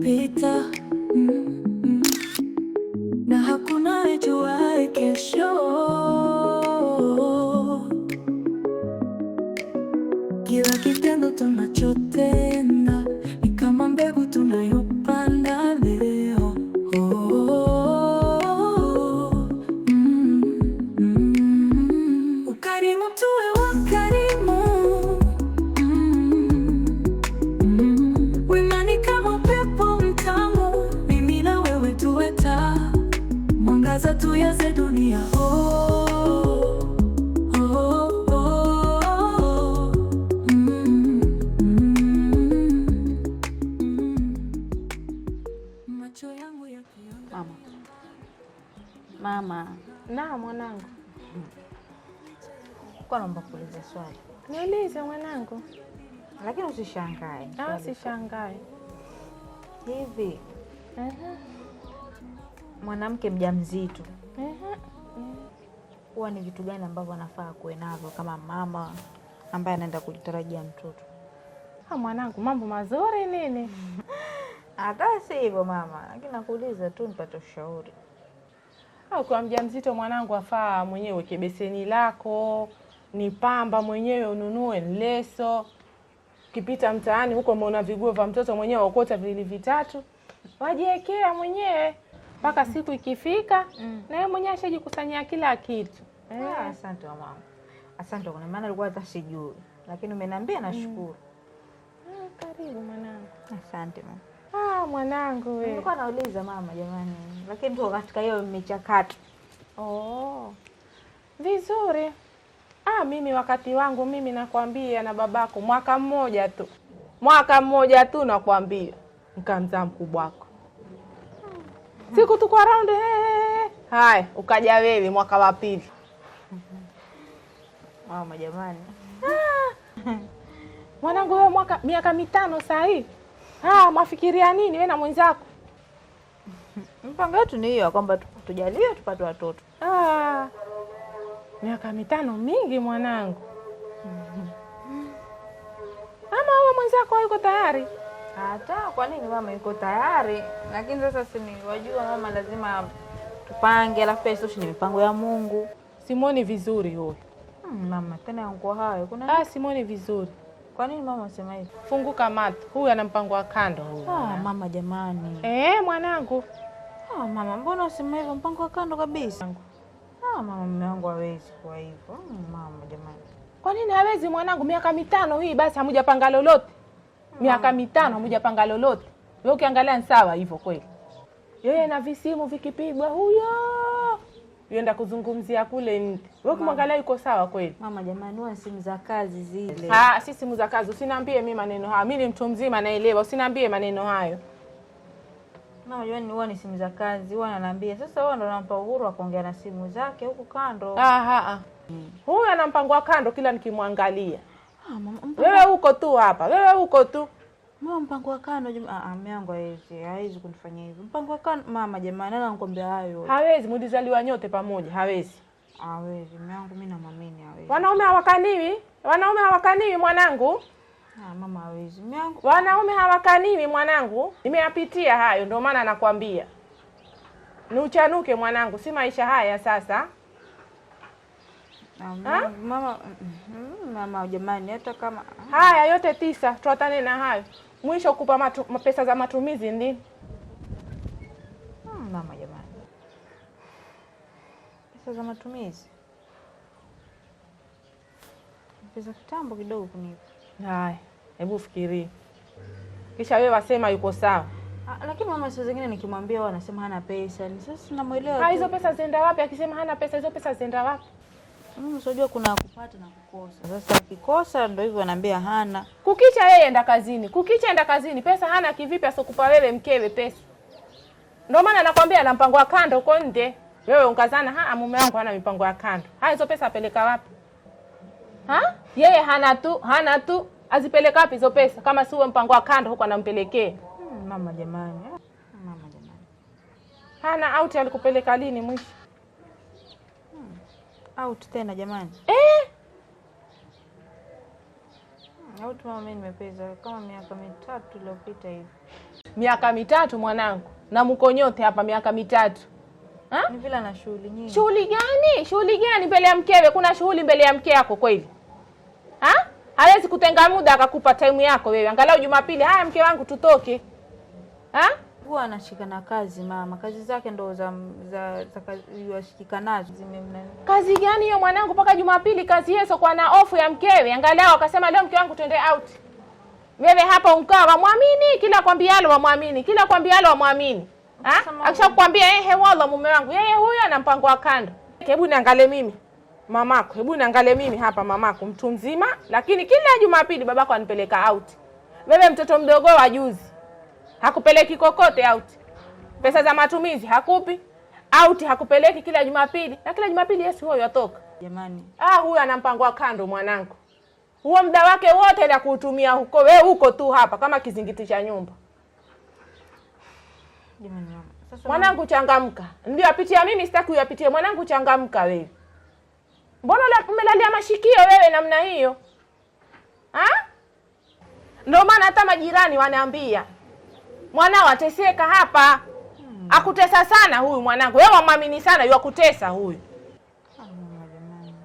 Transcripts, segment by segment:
Peter. lakini usishangae. Ah, sishangae hivi uh -huh. mwanamke mjamzito uh -huh. huwa ni vitu gani ambavyo anafaa kuwe navyo kama mama ambaye anaenda kujitarajia mtoto? Ha, ah, mwanangu, mambo mazuri nini? hata si hivyo mama, lakini nakuuliza tu nipate ushauri. Ah, ukiwa mjamzito mwanangu, afaa mwenyewe uweke beseni lako ni pamba mwenyewe ununue leso. Ukipita mtaani huko umeona viguo vya mtoto mwenyewe, ukota vili vitatu, wajiekea mwenyewe mpaka siku ikifika, mm. na yeye mwenyewe ashajikusanyia kila kitu. Yeah. Eh. Asante wa mama, asante kwa maana alikuwa hata sijui, lakini umeniambia, nashukuru. mm. Ah, karibu mwanangu. Asante mama. Ah, mwanangu wewe. Nilikuwa nauliza mama, jamani, lakini tuko katika hiyo michakato. Oh, vizuri. Ah, mimi wakati wangu mimi nakwambia, na babako mwaka mmoja tu, mwaka mmoja tu nakwambia, nkamzaa mkubwa wako siku tu kwa raundi. Eh, eh, eh. Haya, ukaja wewe mwaka wa pili. Mama jamani, ah. mwanangu wewe mwaka miaka mitano saa hii ah, mwafikiria nini wewe na mwenzako? Mpango wetu ni hiyo kwamba tujalie tupate watoto ah miaka mitano mingi mwanangu. Ama huyo mwenzako yuko tayari? Hata kwa nini mama yuko tayari, lakini sasa sini, wajua mama, lazima tupange, alafu pia ni mipango ya Mungu. Simoni vizuri huyo. Hmm, mama tena yangu hayo kuna ah, simoni vizuri. Kwa nini mama sema hivyo? Funguka macho, huyu ana mpango wa kando huyu. Ah, mama jamani. Eh, mwanangu. Ah, mama mbona unasema hivyo, mpango wa kando kabisa mama, mume wangu hawezi kwa hivyo. Mama jamani, kwa nini hawezi mwanangu? Miaka mitano hii basi hamujapanga lolote? Miaka mitano hamujapanga lolote? Wewe ukiangalia ni sawa hivyo kweli? Yeye na visimu vikipigwa huyo yenda kuzungumzia kule nje. Wewe kumwangalia yuko sawa kweli? Mama jamani, wewe simu za kazi zile. Ah, si simu za kazi. Usiniambie mimi maneno hayo. Mimi ni mtu mzima naelewa. Usiniambie maneno hayo. Unajua ni huwa ni simu za kazi huwa ananiambia. Sasa huwa ndo nampa uhuru wa kuongea na simu zake huku kando. Ah, huyu ana mpango wa kando kila nikimwangalia. Ah, wewe huko tu hapa, wewe huko tu mama. Mpango wa kando mume ah, ah, wangu hawezi, hawezi kunifanyia hivyo. Mpango wa kando mama, jamani, anakwambia hayo hawezi. Mlizaliwa nyote pamoja, hawezi, hawezi mume wangu, mimi namwamini hawezi. Wanaume hawakaniwi, wanaume hawakaniwi mwanangu. Ah, mama hawezi. Wanaume hawakalimi mwanangu, nimeyapitia hayo, ndio maana nakwambia niuchanuke mwanangu, si maisha haya sasa. Ah, mama, mm, mama jamani, hata kama haya yote tisa na hayo mwisho kupa matu, pesa za matumizi nini? Mm, mama jamani, pesa za matumizi pesa kitambo kidogo kunipa Hai, hebu fikiri, kisha wewe wasema yuko sawa. Ah, lakini mama, saa zingine nikimwambia wanasema hana pesa, ni sasa tunamwelewa. Ah, hizo pesa zenda wapi? Akisema hana pesa, hizo pesa zenda wapi? Mimi Unajua kuna kupata na kukosa. Sasa akikosa ndio hivyo anaambia hana. Kukicha yeye enda kazini, kukicha enda kazini. Pesa hana kivipi? asokupa wewe mkewe pesa? Ndio maana nakwambia ana mpango wa kando huko nje. Wewe ungazana, ha mume wangu hana mipango ya kando. Ha, hizo pesa apeleka wapi? Ha? yeye hana tu hana tu, azipeleka wapi hizo pesa kama si uwe mpango wa kando huko anampelekea? Hmm, mama jamani, eh? mama jamani, hana auti. Alikupeleka lini mwisho? Hmm, auti tena jamani eh? Auti hmm, mama, mimi nimepeza kama miaka mitatu iliyopita hivi. Miaka mitatu mwanangu, na mko nyote hapa miaka mitatu ha? Ni vile na shughuli nyingi. Shughuli gani? Shughuli gani mbele ya mkewe? Kuna shughuli mbele ya mke yako kweli? hawezi kutenga muda akakupa time yako wewe. Angalau Jumapili, haya mke wangu tutoke ha? Huwa anashika na kazi mama, kazi zake ndo za za washikika nazo. Kazi gani hiyo mwanangu, mpaka Jumapili kazi hiyo? kwa na ofu ya mkewe, angalau akasema leo mke wangu twende out. Wewe hapa unkaa wamwamini, kila kwambialo wamwamini, kila kwambialo wamwamini. Akishakwambia ehe, wala mume wangu yeye huyo ana mpango wa kando. Hebu niangalie mimi mamako, hebu niangalie mimi hapa, mamako mtu mzima, lakini kila Jumapili babako anipeleka out. Wewe mtoto mdogo wa juzi hakupeleki kokote out, pesa za matumizi hakupi out, hakupeleki kila Jumapili na kila Jumapili Yesu huyo atoka. Jamani, ah, huyo ana mpango wa kando mwanangu, huo muda wake wote na kuutumia huko, wewe uko tu hapa kama kizingiti cha nyumba. Jamani mwanangu, changamka, ndio apitia mimi, sitaki uyapitie mwanangu, changamka wewe. Mbona umelalia mashikio wewe namna hiyo ha? Ndio maana hata majirani wanaambia mwanao ateseka hapa. Hmm. Akutesa sana huyu mwanangu, wewe wamwamini sana, yu akutesa huyu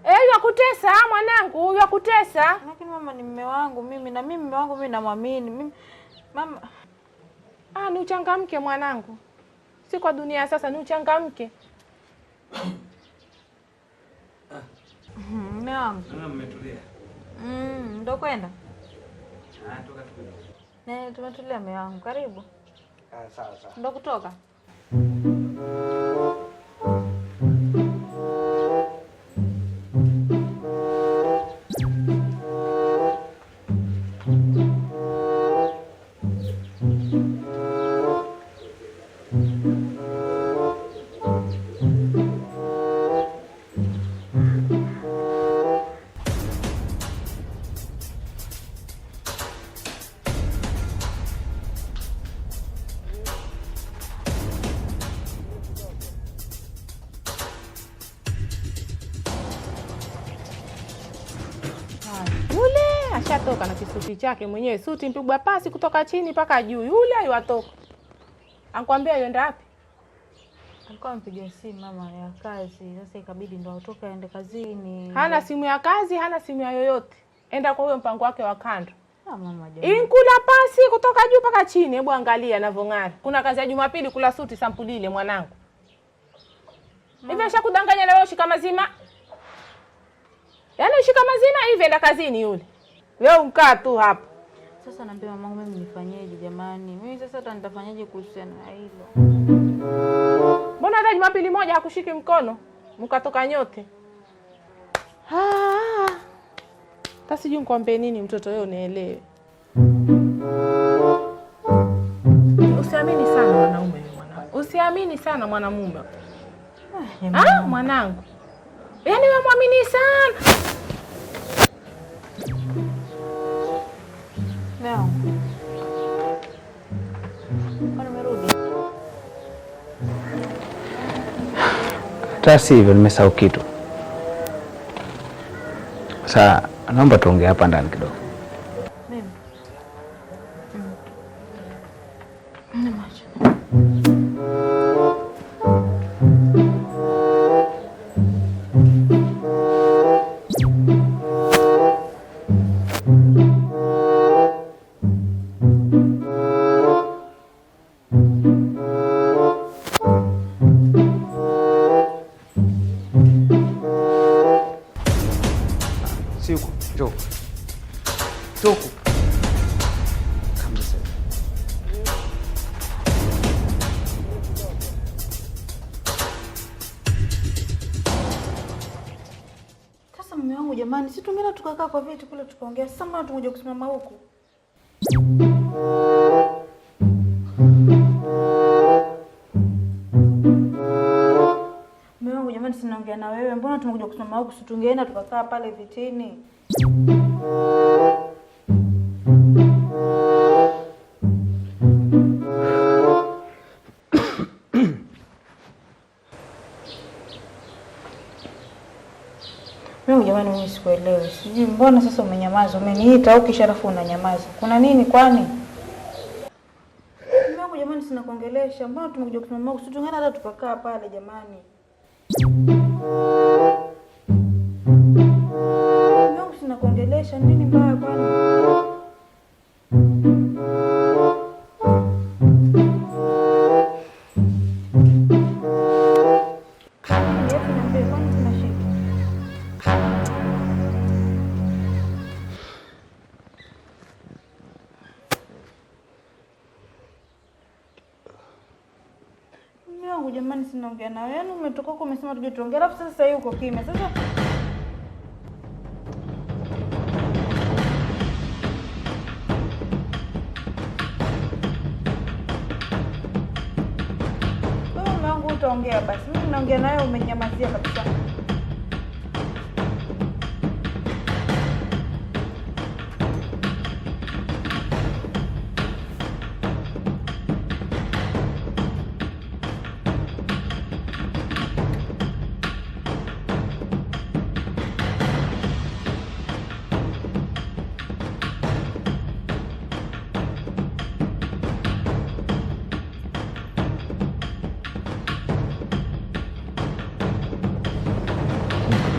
Eh, yakutesa mwanangu, yakutesa. Lakini mama ni mume wangu mimi na mimi mume wangu mimi namwamini. Mimi mama Ah, ni uchangamke mwanangu. Si kwa dunia sasa ni uchangamke. Mume mm-hmm. wangu mmetulia? Mm, ndo kwenda ah, tumetulia. Mume wangu karibu. Ah, sawa sawa, ndo kutoka chake mwenyewe, suti mpigwa pasi kutoka chini mpaka juu, yule aiwatoka. Ankwambia yenda wapi? Alikuwa ampigia simu mama ya kazi, sasa ikabidi ndo atoke aende kazini. Hana simu ya kazi, hana simu ya yoyote, enda kwa huyo mpango wake wa kando ah, inkula pasi kutoka juu mpaka chini. Hebu angalia navyong'ara. Kuna kazi ya Jumapili kula suti sampuli ile, mwanangu hivi ashakudanganya na wewe ushika mazima, yaani ushika mazima hivi, enda kazini yule. Wewe ukaa tu hapo. Sasa naambia mamangu mimi nifanyeje jamani? Mimi sasa hata nitafanyaje kuhusiana na hilo? Mbona hata Jumapili moja hakushiki mkono mkatoka nyote? Ah, hata sijui nikwambie nini mtoto wewe unielewe. Usiamini sana mwanaume mwanangu. Usiamini sana mwanamume. Ah, ah mwanangu. Yaani wewe mwamini sana. Mume Tasi hivyo nimesahau kitu. Sasa naomba tuongee hapa ndani kidogo. taksi huko. Njoo. Njoo huko. Sasa wangu, jamani, si tungeenda tukakaa kwa viti kule tukaongea. Sasa mbona tunakuja kusimama huku? kuongea na wewe, mbona tumekuja kusoma huku? Situngeenda tukakaa pale vitini. Mimi jamani, mimi sikuelewi, sijui mbona sasa umenyamaza, umeniita au kisha alafu unanyamaza, kuna nini kwani? Mimi jamani, sina kuongelesha, mbona tumekuja kusimama huku? Tungeenda hata tukakaa pale jamani. nesinakuongelesaini bayaa wangu jamani, sinaongea nawe. Yaani umetoka huko umesema tuje tuongee, alafu sasa hii uko kimya. Sasa wewe wangu utaongea basi, mimi naongea nawe umenyamazia kabisa.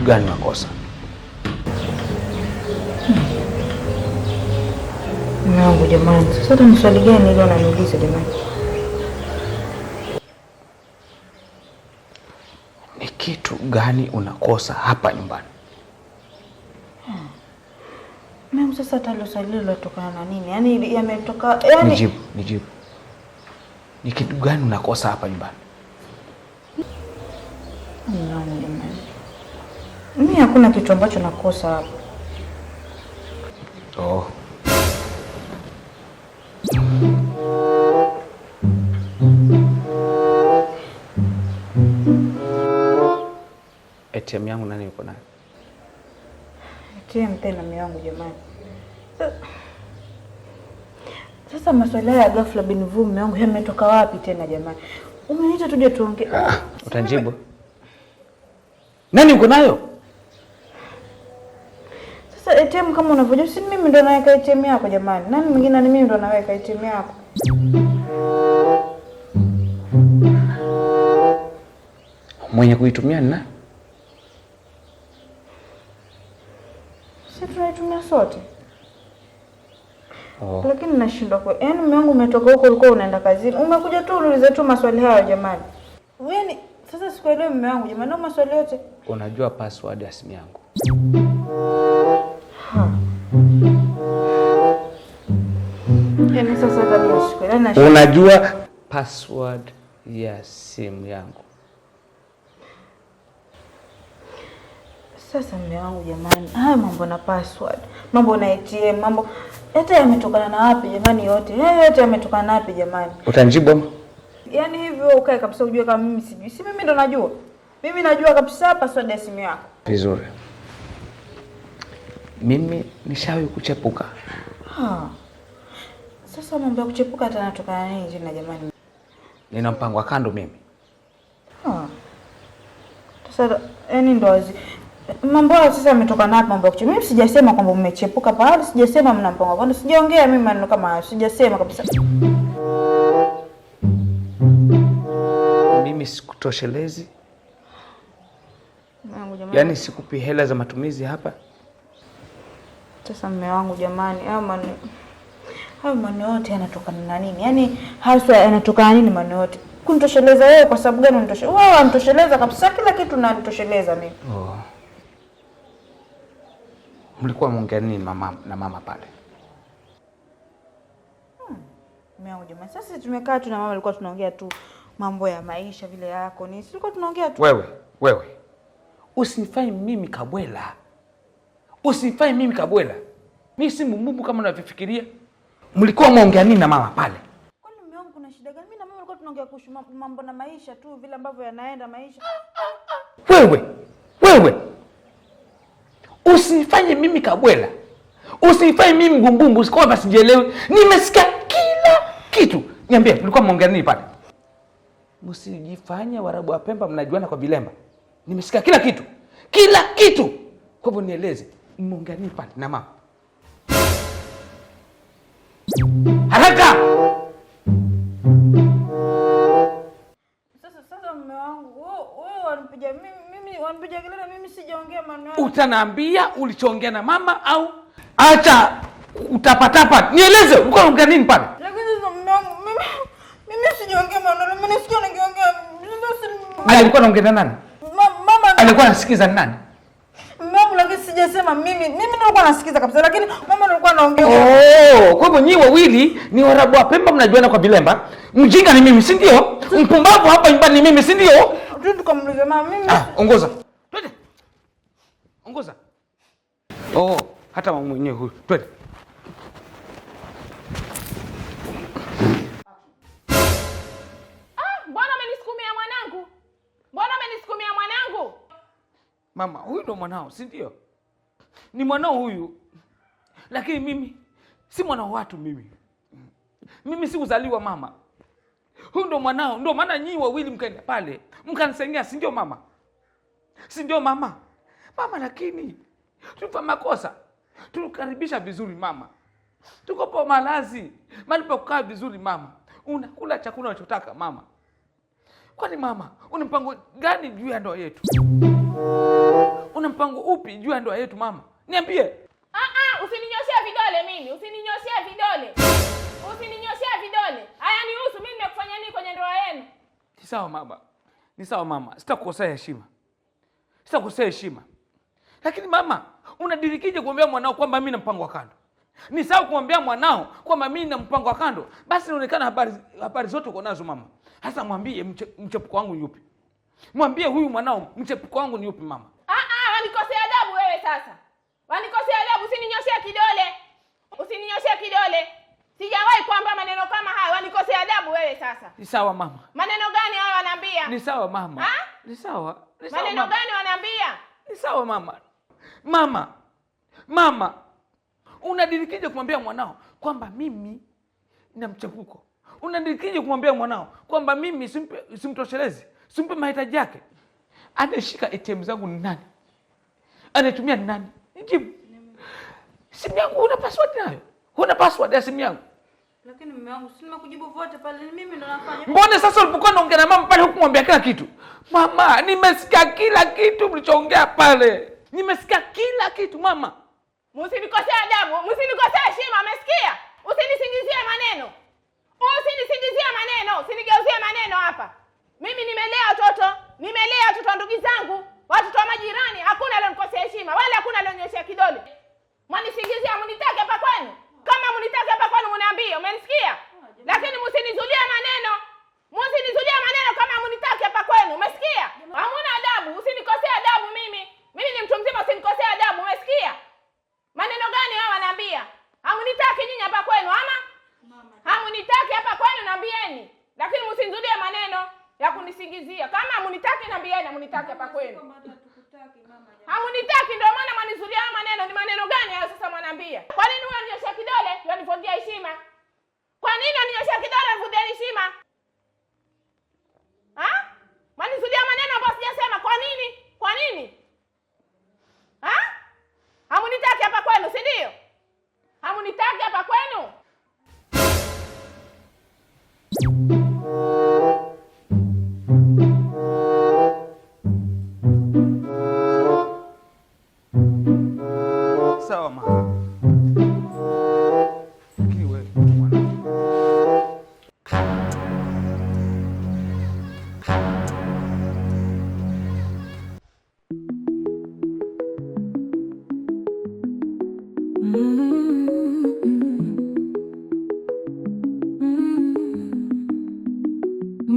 gani makosa? Mungu hmm. jamani, sasa ni swali gani ile ananiuliza jamani? Ni kitu gani unakosa hapa nyumbani? Hmm. sasa hata hilo swali hilo latokana na nini? Yaani yametoka yani... Nijibu, nijibu. Ni kitu gani unakosa hapa nyumbani? Mungu jamani kuna kitu ambacho nakosa hapa. Oh. ATM yangu nani yuko nayo? ATM tena mimi wangu jamani. Sasa haya ya ghafla binivu mume wangu yametoka wapi tena jamani? Umeniita tuje tuongee. Ah, utanjibu. Nani uko nayo? ATM kama unavyojua, si mimi ndo naweka ATM yako jamani. Nani mwingine? Ni mimi ndo naweka ATM yako. Mwenye kuitumia ni nani? si tunaitumia sote. Oh. Lakini nashindwa kwa yaani, mume wangu umetoka huko, ulikuwa unaenda kazini, umekuja tu uliuliza tu maswali hayo jamani. Wewe ni yaani, sasa sikuelewi mume wangu jamani, na maswali yote. Unajua password ya simu yangu? Unajua password ya simu yangu sasa? Mme wangu jamani, haya mambo na password, mambo na ATM, mambo yote yametokana na wapi jamani? Yote yote yametokana na wapi jamani? Utanjibu ama yaani hivyo ukae kabisa, ujue kama mimi sijui? Si mimi ndo najua, mimi najua kabisa password ya simu yako vizuri. Mimi nishawahi kuchepuka. Ha. Sasa mambo ya kuchepuka hata natokana nini tena jamani? Nina mpango wa kando mimi. Ha. Sasa yani ndo wazi. mambo hayo sasa yametoka na mambo ya kuchepuka. Mimi sijasema kwamba mmechepuka pale, sijasema mna mpango wa kando. Sijaongea mimi maneno kama hayo. Sijasema kabisa. Mimi sikutoshelezi. Yaani sikupi hela za matumizi hapa. Sasa mme wangu jamani, hayo maneno hayo maneno yote yanatokana na nini? Yaani haswa yanatokana nini maneno yote? Kunitosheleza wewe kwa sababu gani unitosheleza? Wewe unitosheleza kabisa kila kitu na nitosheleza mimi. Oh. Mlikuwa mongea nini mama na mama pale? Mme hmm. wangu jamani, sasa tumekaa tu na mama alikuwa tunaongea tu mambo ya maisha vile yako. Ni tulikuwa tunaongea tu. Wewe, wewe. Usinifanye mimi kabwela. Usifai mimi Kabwela, mi si mbumbumu kama unavyofikiria. Mlikuwa mwaongea nini na mama pale? Kwani mume wangu, kuna shida gani? Mimi na mama tulikuwa tunaongea kuhusu mambo na maisha tu, vile ambavyo yanaenda maisha. Wewe wewe, usifanye mimi Kabwela, usifanye mimi mgumbumbu, usikoma sijielewi. Nimesikia kila kitu. Niambie, mlikuwa mwaongea nini pale? Msijifanye Warabu wa Pemba mnajuana kwa vilemba. Nimesikia kila kitu, kila kitu. Kwa hivyo nieleze muunganie pale na mama haraka. Sasa sasa, mume wangu wewe, wanipiga mimi, wanipiga kelele mimi, sijaongea maneno. Utanaambia ulichoongea na mama au acha utapatapa, nieleze uko unaongea nini pale. Alikuwa anaongea na nani? alikuwa anasikiza nani? sijasema mimi, mimi nilikuwa nasikiza kabisa, lakini mama nilikuwa naongea. Oh, kwa hivyo nyinyi wawili ni Warabu wa Pemba, mnajuana kwa vilemba. Mjinga ni mimi, si ndio? Mpumbavu hapa nyumbani ni mimi, si ndio? Twende tukamlize mama mimi. Ah, ongoza. Twende. Ongoza. Oh, hata mama mwenyewe huyu. Twende. Ah, mama, huyu ndo mwanao, si ndio? ni mwanao huyu, lakini mimi si mwana wa watu. Mimi mimi si uzaliwa mama, huyu ndo mwanao. Ndo maana nyinyi wawili mkaenda pale mkanisengea, si ndio mama? Si ndio mama? Mama, lakini tulifa makosa, tulikaribisha vizuri mama, tukopo malazi mali pa kukaa vizuri mama, unakula chakula unachotaka mama. Kwani mama, una mpango gani juu ya ndoa yetu? Una mpango upi juu ya ndoa yetu mama? Niambie. Ah ah, usininyoshee vidole mimi. Usininyoshee vidole. Usininyoshee vidole. Haya nihusu mimi nimekufanya nini kwenye ndoa yenu? Ni sawa mama. Ni sawa mama. Sitakukosea heshima. Sitakukosea heshima. Lakini mama, unadirikije kuambia mwanao kwamba mimi na mpango wa kando? Ni sawa kumwambia mwanao kwamba mimi na mpango wa kando. Basi inaonekana habari habari zote uko nazo mama. Hasa mwambie mchepuko wangu ni yupi? Mwambie huyu mwanao mchepuko wangu ni yupi mama? Ah ah, wanikosea adabu wewe sasa. Wanikosea adabu, usininyoshe kidole, usininyoshe kidole. Sijawahi kuambia maneno kama haya, Wanikosea adabu wewe sasa. Ni sawa mama. Maneno gani hayo wanaambia? Ni sawa mama. Ni sawa. Ni sawa. Maneno gani wanaambia? Ni sawa mama. Mama. Mama. Unadirikije kumwambia mwanao kwamba mimi na mchepuko? Unadirikije kumwambia mwanao kwamba mimi simpe, simtoshelezi, simpe mahitaji yake? Anashika ATM zangu ni nani? Anatumia ni nani? nijibu. Simu yangu una password nayo? Una password ya simu yangu? Lakini mume wangu si nimekujibu vote pale, ni mimi ndo nafanya. Mbona sasa ulipokuwa unaongea na mama pale hukumwambia kila kitu? Mama, nimesikia kila kitu mlichoongea pale. Nimesikia kila kitu mama. Msinikosee adabu, msinikosee heshima, umesikia? Usinisingizie maneno. Usinisingizie maneno, usinigeuzie maneno hapa. Mimi nimelea watoto, nimelea watoto ndugu zangu watoto wa majirani, hakuna alionikosea heshima wala hakuna alionyesha kidole. Thank you.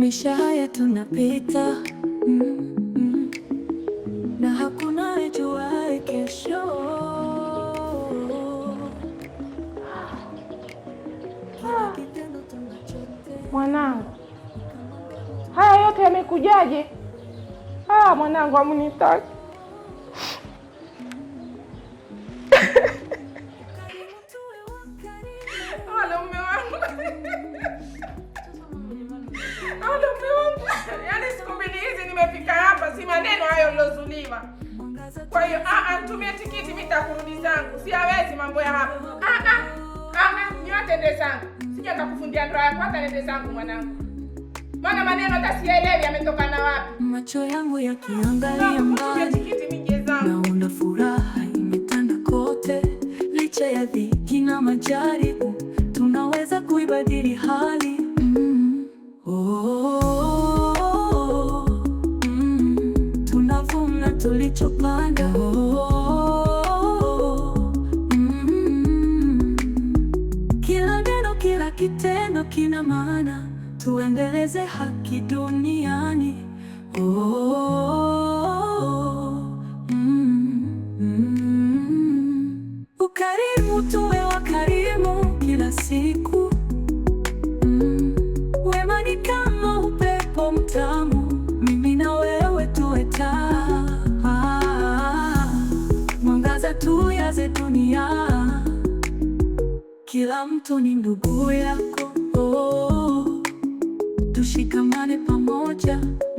Maisha haya tunapita mm-hmm. Na hakuna ajuaye kesho, mwanangu. Haya yote yamekujaje? Ah, mwanangu amunitaki nende zangu, sija nikakufundia ndoa yako, hata nende zangu mwanangu, maana maneno hata sielewi yametoka na wapi. Macho yangu yakiangalia mbali, naona furaha imetanda kote. Licha ya dhiki na majaribu, tunaweza kuibadili hali mm. oh, oh, oh, mm. tunavuna tulichopanda. maana, tuendeleze haki duniani. oh, oh, mm, mm. Ukarimu, tuwe wakarimu kila siku mm. Wema ni kama upepo mtamu, mimi na wewe tuwe taa ah, mwangaza tuyaze dunia, kila mtu ni ndugu yako. Ciência.